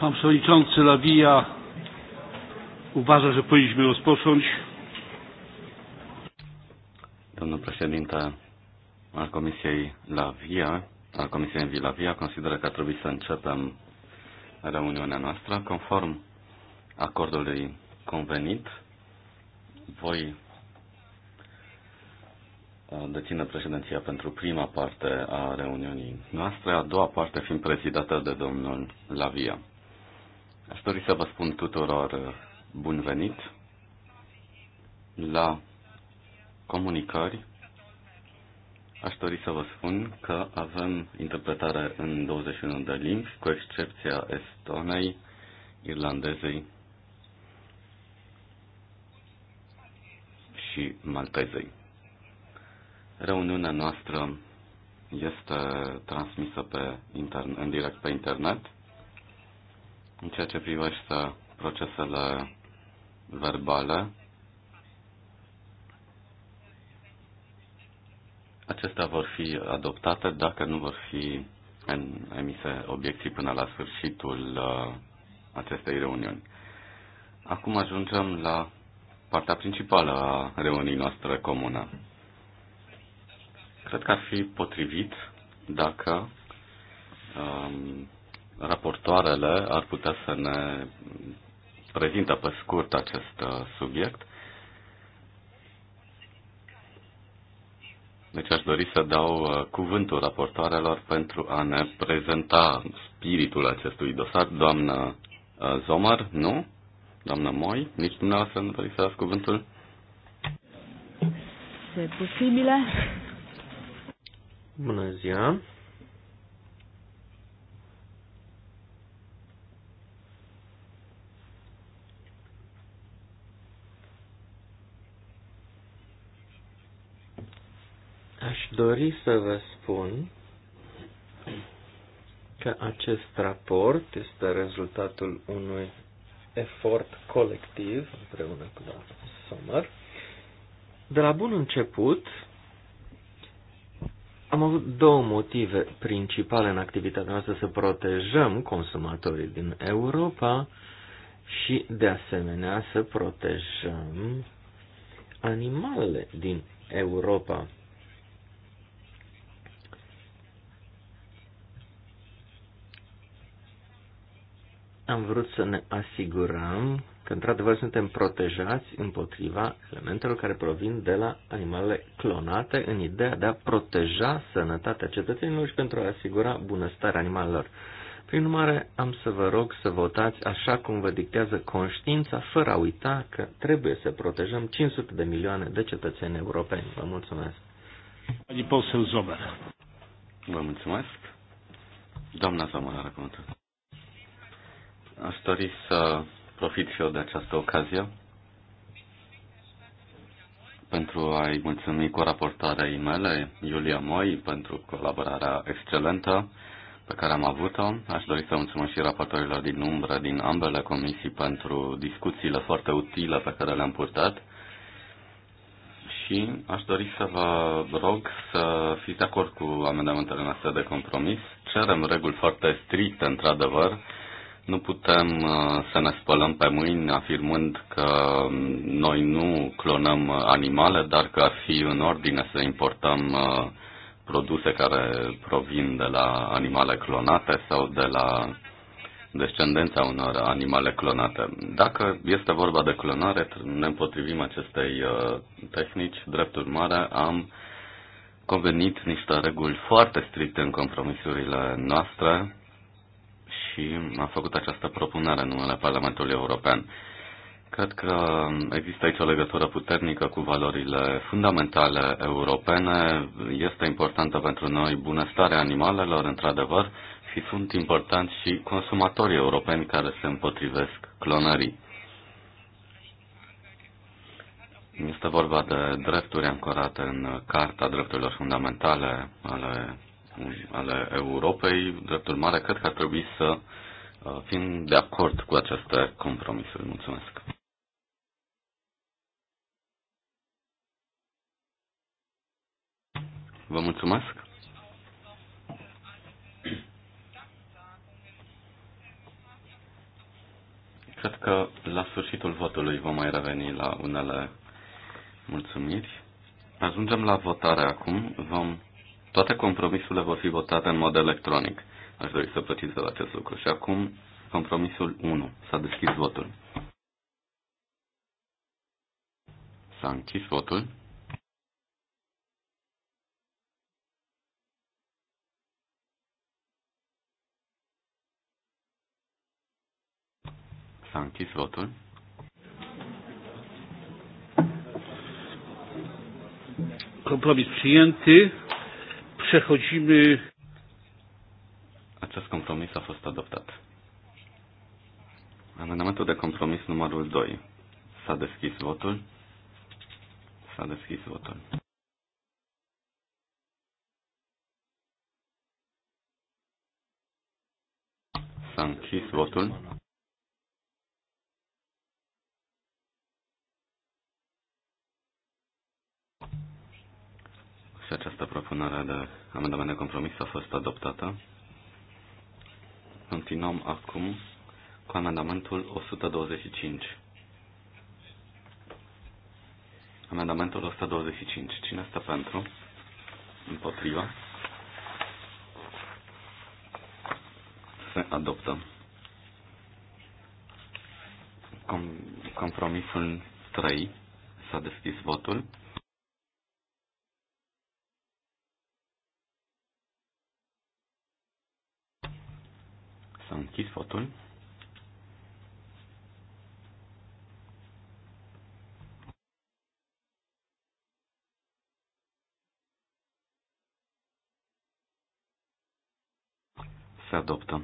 Pan przewodniczący Lawija uważa, że powinniśmy rozpocząć. Domnul președinte al Comisiei Lavia, al Comisiei Envi la VIA, consideră că trebuie să începem reuniunea noastră conform acordului convenit. Voi deține președinția pentru prima parte a reuniunii noastre, a doua parte fiind prezidată de domnul Lavia. Aș dori să vă spun tuturor uh, bun venit la comunicări. Aș dori să vă spun că avem interpretare în 21 de limbi, cu excepția estonei, irlandezei și maltezei. Reuniunea noastră este transmisă pe intern- în direct pe internet în ceea ce privește procesele verbale, acestea vor fi adoptate dacă nu vor fi emise obiecții până la sfârșitul uh, acestei reuniuni. Acum ajungem la partea principală a reunii noastre comune. Cred că ar fi potrivit dacă um, raportoarele ar putea să ne prezintă pe scurt acest uh, subiect. Deci aș dori să dau uh, cuvântul raportoarelor pentru a ne prezenta spiritul acestui dosar. Doamna uh, Zomar, nu? Doamna Moi, nici dumneavoastră nu doriți să dați cuvântul? Se posibile. Bună ziua. Aș dori să vă spun că acest raport este rezultatul unui efort colectiv împreună cu la Sommer. De la bun început, am avut două motive principale în activitatea noastră să protejăm consumatorii din Europa și, de asemenea, să protejăm animalele din Europa. am vrut să ne asigurăm că într-adevăr suntem protejați împotriva elementelor care provin de la animalele clonate în ideea de a proteja sănătatea cetățenilor și pentru a asigura bunăstarea animalelor. Prin urmare, am să vă rog să votați așa cum vă dictează conștiința, fără a uita că trebuie să protejăm 500 de milioane de cetățeni europeni. Vă mulțumesc. Vă mulțumesc. Doamna Zamora, Aș dori să profit și eu de această ocazie pentru a-i mulțumi cu raportarea mele, Iulia Moi, pentru colaborarea excelentă pe care am avut-o. Aș dori să mulțumesc și raportorilor din umbră din ambele comisii pentru discuțiile foarte utile pe care le-am purtat și aș dori să vă rog să fiți de acord cu amendamentele noastre de compromis. Cerem reguli foarte stricte, într-adevăr, nu putem uh, să ne spălăm pe mâini afirmând că um, noi nu clonăm animale, dar că ar fi în ordine să importăm uh, produse care provin de la animale clonate sau de la descendența unor animale clonate. Dacă este vorba de clonare, ne împotrivim acestei uh, tehnici. Drept urmare, am convenit niște reguli foarte stricte în compromisurile noastre și a făcut această propunere în numele Parlamentului European. Cred că există aici o legătură puternică cu valorile fundamentale europene. Este importantă pentru noi bunăstarea animalelor, într-adevăr, și sunt importanți și consumatorii europeni care se împotrivesc clonării. Este vorba de drepturi ancorate în Carta Drepturilor Fundamentale ale ale Europei. Drept urmare, cred că ar trebui să uh, fim de acord cu aceste compromisuri. Mulțumesc! Vă mulțumesc! Cred că la sfârșitul votului vom mai reveni la unele mulțumiri. Ajungem la votare acum. Vom toate compromisurile vor fi votate în mod electronic. Aș dori să precizez acest lucru. Și acum, compromisul 1. S-a deschis votul. S-a închis votul. S-a închis votul. Kompromis Przechodzimy. Acest compromis a fost adoptat. Amendamentul de compromis numărul 2. S-a deschis votul. S-a deschis votul. S-a închis votul. și această propunere de amendament de compromis a fost adoptată. Continuăm acum cu amendamentul 125. Amendamentul 125. Cine este pentru? Împotriva? Se adoptă. Com- compromisul 3. S-a deschis votul. închis votul. Se adoptă.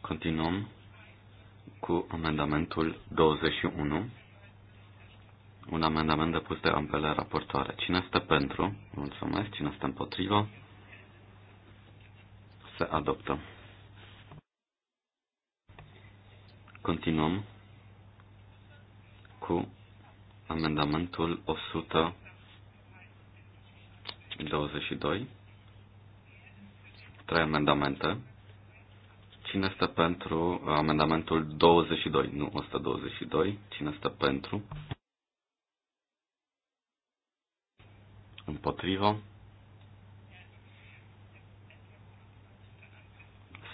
Continuăm cu amendamentul 21, un amendament depus de ambele raportoare. Cine este pentru? Mulțumesc. Cine este împotrivă? să adoptăm. Continuăm cu amendamentul 122. Trei amendamente. Cine este pentru amendamentul 22, nu 122? Cine este pentru? Împotrivă?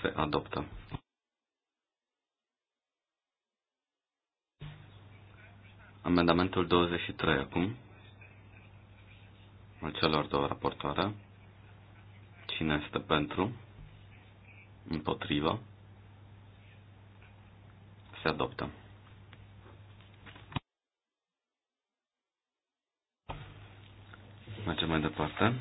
se adoptă. Amendamentul 23 acum, al celor două raportoare. Cine este pentru? Împotrivă? Se adoptă. Mergem mai departe.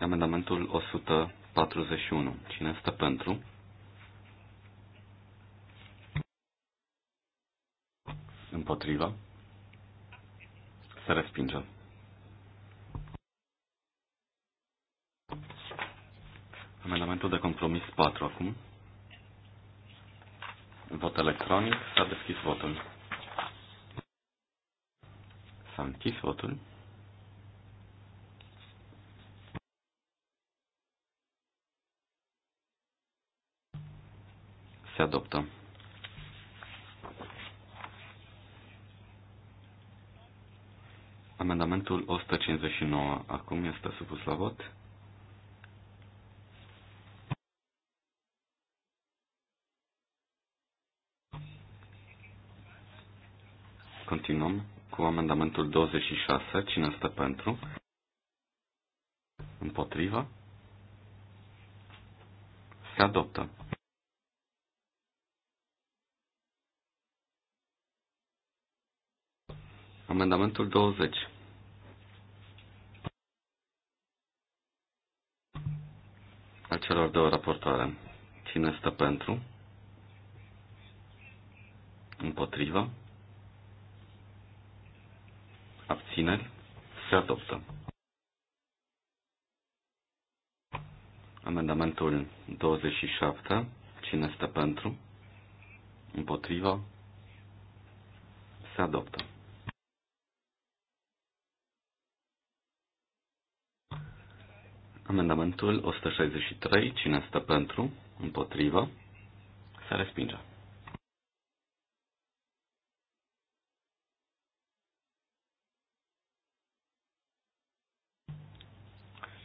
Amendamentul 141. Cine este pentru? Împotriva? Se respinge. Amendamentul de compromis 4 acum. Vot electronic. S-a deschis votul. S-a închis votul. Se adoptă. Amendamentul 159 acum este supus la vot. Continuăm cu amendamentul 26. Cine stă pentru? Împotriva? Se adoptă. Amendamentul 20. A celor două raportoare. Cine stă pentru? Împotrivă? Abțineri? Se adoptă. Amendamentul 27. Cine stă pentru? Împotrivă? Se adoptă. Amendamentul 163, cine stă pentru, împotrivă, se respinge.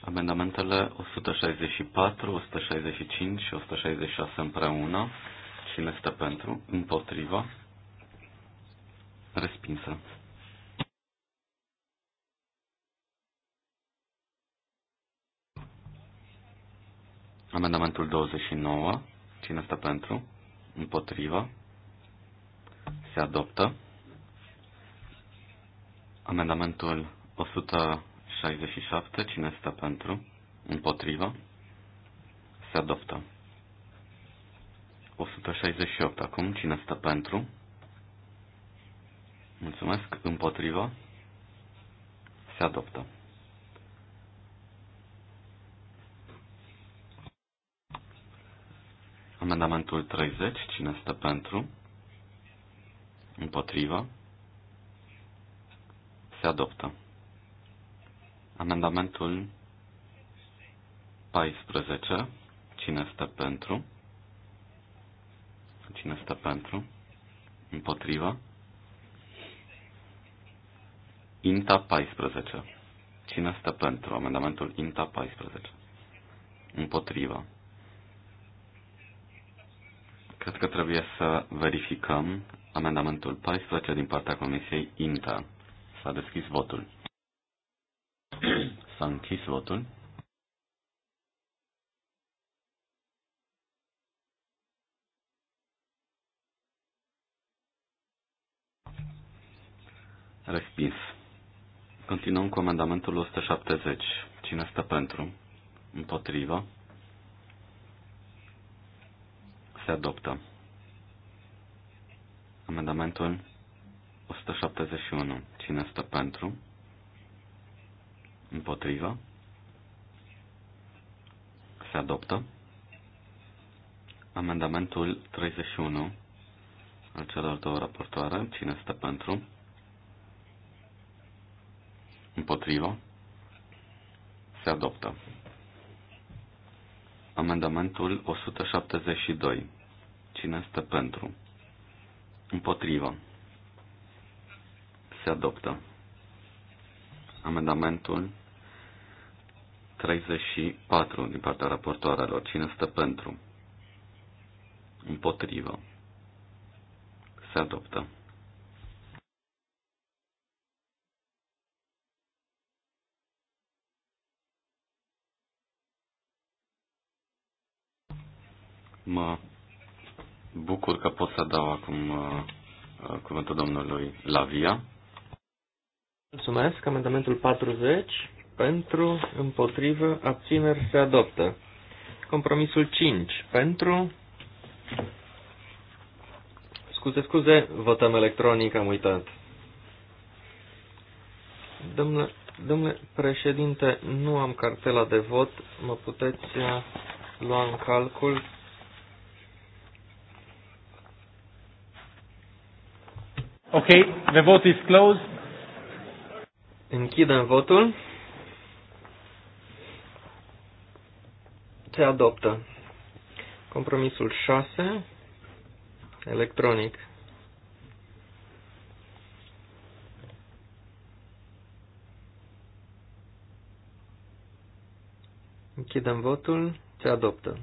Amendamentele 164, 165 și 166 împreună, cine stă pentru, împotrivă, respinsă. Amendamentul 29. Cine stă pentru? Împotrivă. Se adoptă. Amendamentul 167. Cine stă pentru? Împotrivă. Se adoptă. 168. Acum, cine stă pentru? Mulțumesc. Împotrivă. Se adoptă. Amendamentul 30. Cine stă pentru? Împotrivă? Se adoptă. Amendamentul 14. Cine stă pentru? Cine stă pentru? Împotrivă? INTA 14. Cine stă pentru? Amendamentul INTA 14. Împotrivă. Cred că trebuie să verificăm amendamentul 14 din partea Comisiei INTA. S-a deschis votul. S-a închis votul. Respins. Continuăm cu amendamentul 170. Cine stă pentru? Împotrivă? se adoptă. Amendamentul 171. Cine stă pentru? Împotrivă? Se adoptă. Amendamentul 31 al celor două raportoare. Cine stă pentru? Împotrivă? Se adoptă. Amendamentul 172. Cine este pentru? Împotrivă. Se adoptă. Amendamentul 34 din partea raportoarelor. Cine este pentru? Împotrivă. Se adoptă. Mă bucur că pot să dau acum uh, uh cuvântul domnului Lavia. Mulțumesc. Amendamentul 40 pentru, împotrivă, abțineri se adoptă. Compromisul 5 pentru, Scuze, scuze, votăm electronic, am uitat. Domnule, domnule președinte, nu am cartela de vot, mă puteți uh, lua în calcul Ok, the vote is closed. Închidem votul. Se adoptă. Compromisul 6, electronic. Închidem votul. Se adoptă.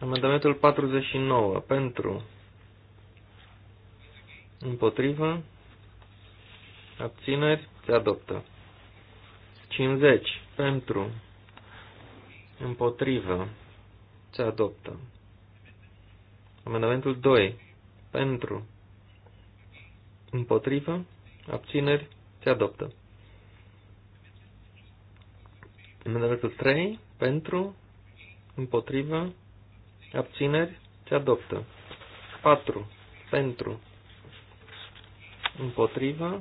Amendamentul 49 pentru împotrivă, abțineri, se adoptă. 50 pentru, împotrivă, se adoptă. Amendamentul 2 pentru, împotrivă, abțineri, se adoptă. Amendamentul 3 pentru, împotrivă, abțineri, se adoptă. 4 pentru, împotriva,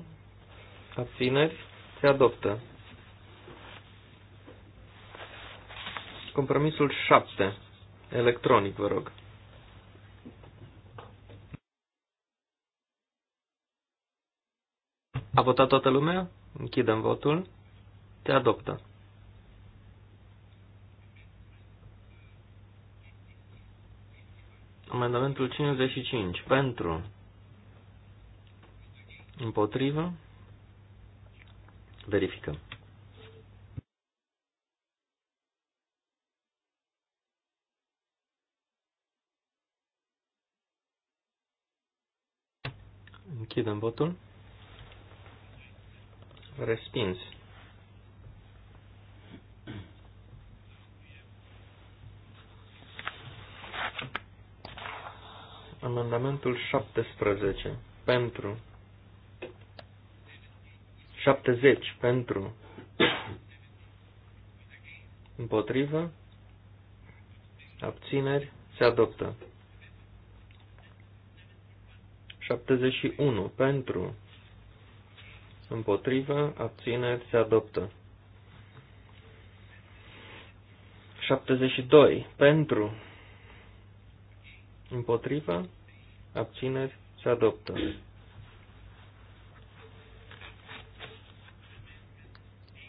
abțineri, se adoptă. Compromisul 7, electronic, vă rog. A votat toată lumea? Închidem votul. Te adoptă. Amendamentul 55. Pentru. Împotrivă. Verificăm. Închidem votul. Respins. Amendamentul 17. Pentru. 70 pentru împotrivă, abțineri, se adoptă. 71 pentru împotrivă, abțineri, se adoptă. 72 pentru împotrivă, abțineri, se adoptă.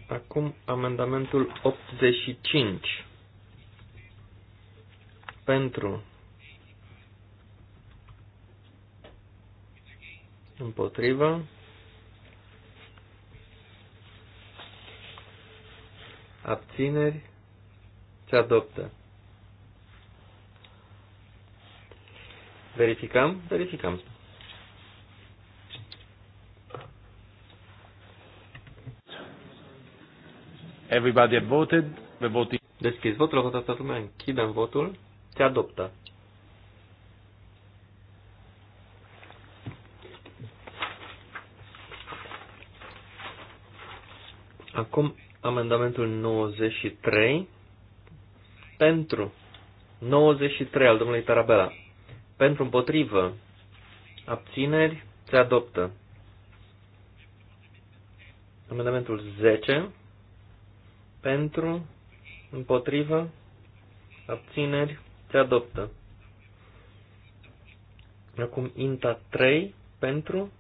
Acum amendamentul 85. Pentru. Împotriva. Abțineri. Se adoptă. Verificăm? Verificăm. Everybody had voted. The vote is... Deschis votul, a votat toată lumea, închidem votul, se adoptă. Acum amendamentul 93 pentru 93 al domnului Tarabela. Pentru împotrivă, abțineri, se adoptă. Amendamentul 10 pentru, împotrivă, abțineri, se adoptă. Acum INTA 3 pentru,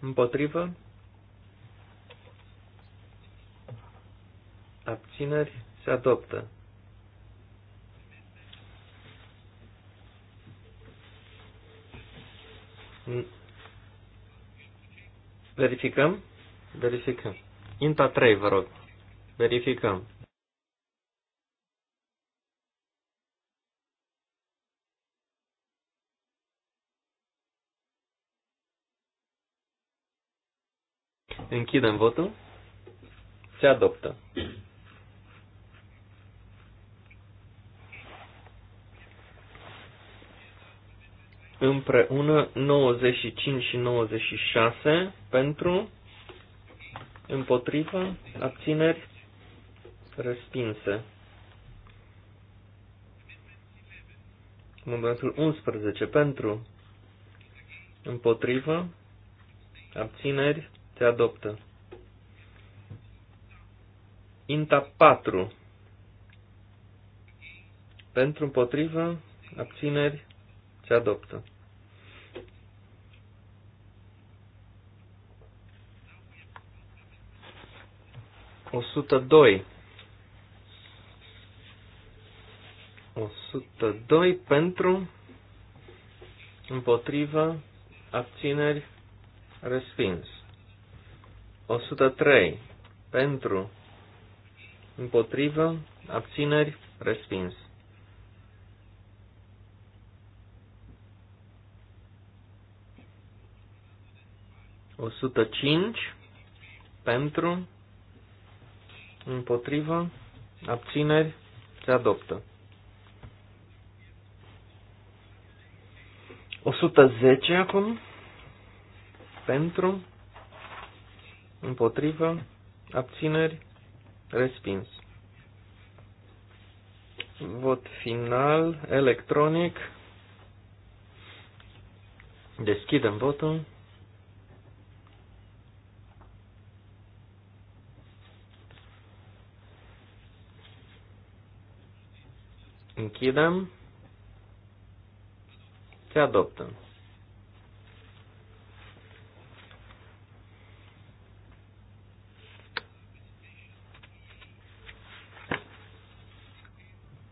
împotrivă, abțineri, se adoptă. Verificăm? Verificăm. INTA 3, vă rog. Verificăm. Închidem votul. Se adoptă. Împreună 95 și 96 pentru, împotrivă, abțineri, Respinsă. Momentul 11 pentru, împotrivă, abțineri, te adoptă. Inta 4 pentru, împotrivă, abțineri, te adoptă. O 102 102 pentru, împotrivă, abțineri, respins. 103 pentru, împotrivă, abțineri, respins. O sută cinci pentru, împotrivă, abțineri, se adoptă. 110 acum. Pentru. Împotrivă. Abțineri. Respins. Vot final electronic. Deschidem votul. Închidem. Se adoptă.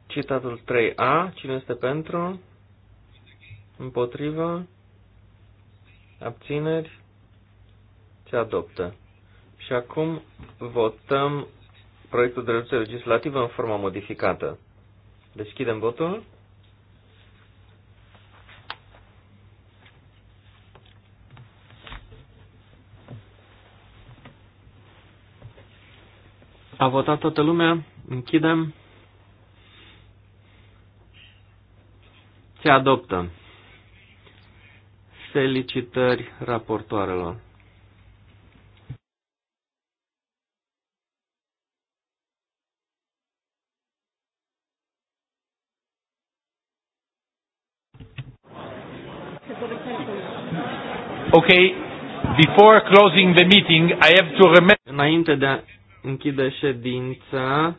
Citatul 3a, cine este pentru? Împotriva? Abțineri? Se adoptă. Și acum votăm proiectul de rezoluție legislativă în forma modificată. Deschidem votul. A votat toată lumea? Închidem. Se adoptă. Felicitări raportoarelor. Okay, before closing the meeting, I have to remember. Înainte de a închide ședința.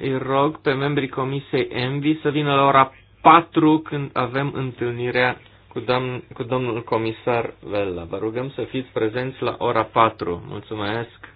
Îi rog pe membrii Comisiei Envi să vină la ora 4 când avem întâlnirea cu, domn- cu domnul comisar Vella. Vă rugăm să fiți prezenți la ora 4. Mulțumesc!